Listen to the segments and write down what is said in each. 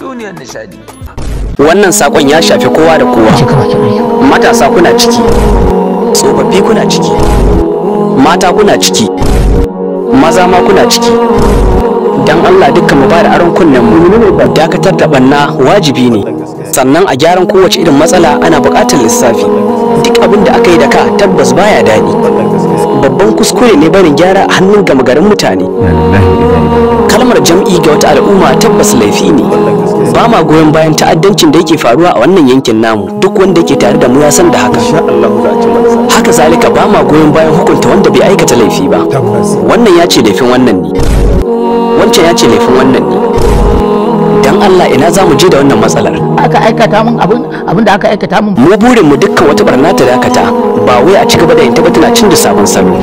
duniyar nishadi. Wannan sakon ya shafi kowa da kowa. Matasa kuna ciki, tsofaffi kuna ciki, mata kuna ciki, maza ma kuna ciki. Dan Allah dukkan mu ba da aron kunnen mu dakatar da banna wajibi ne. Sannan a gyaran kowace irin matsala ana buƙatar lissafi. Duk abin da aka yi da ka tabbas baya daɗi. Babban kuskure ne barin gyara a hannun gama garin mutane. kafa jam'i ga wata al'umma tabbas laifi ne ba ma goyon bayan ta'addancin da yake faruwa a wannan yankin namu duk wanda yake tare da mu ya san da haka haka zalika ba ma goyon bayan hukunta wanda bai aikata laifi ba wannan ya ce laifin wannan ne wancan ya ce laifin wannan ne dan Allah ina za mu je da wannan matsalar aka aikata mun abin abin da aka aikata mun mu burin mu dukkan wata barna ta dakata ba wai a ci gaba da yin tana cin da sabon salo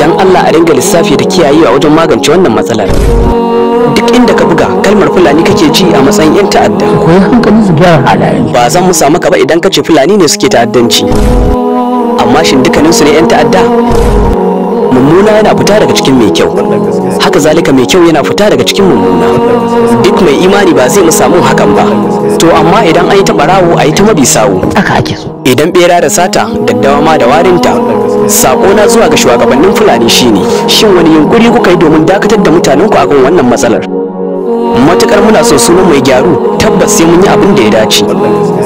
dan Allah a ringa lissafi da kiyayewa wajen magance wannan matsalar duk inda ka buga kalmar fulani kake ci a matsayin yan ta'adda koyi hankali su gyara halaye. ba zan musa maka ba idan ka ce fulani ne suke ta'addanci amma shin dukkaninsu ne yan ta'adda mummuna yana fita daga cikin mai kyau haka zalika mai kyau yana fita daga cikin mummuna duk mai imani ba zai samu hakan ba to amma idan an yi ta barawo a yi ta mabi sawu idan bera da sata daddawa ma da warinta sako na zuwa ga shugabannin fulani shine shin wani yunkuri kuka yi domin dakatar da mutanen mutanenku akan wannan matsalar matukar muna so sunan mai gyaru tabbas sai mun yi abin da ya dace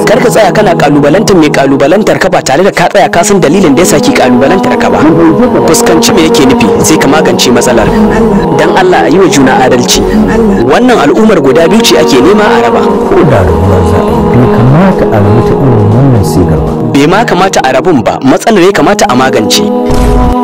kar ka tsaya kana kalubalantar mai kalubalantar ka ba tare da ka tsaya ka san dalilin da yasa ki kalubalantar ka ba fuskanci me yake nufi sai ka magance matsalar dan Allah a yi wa juna adalci wannan al'ummar guda biyu ce ake nema a raba ko da kamata a rubuta irin wannan sigar ba bai ma kamata a rabun ba matsalar ya kamata a magance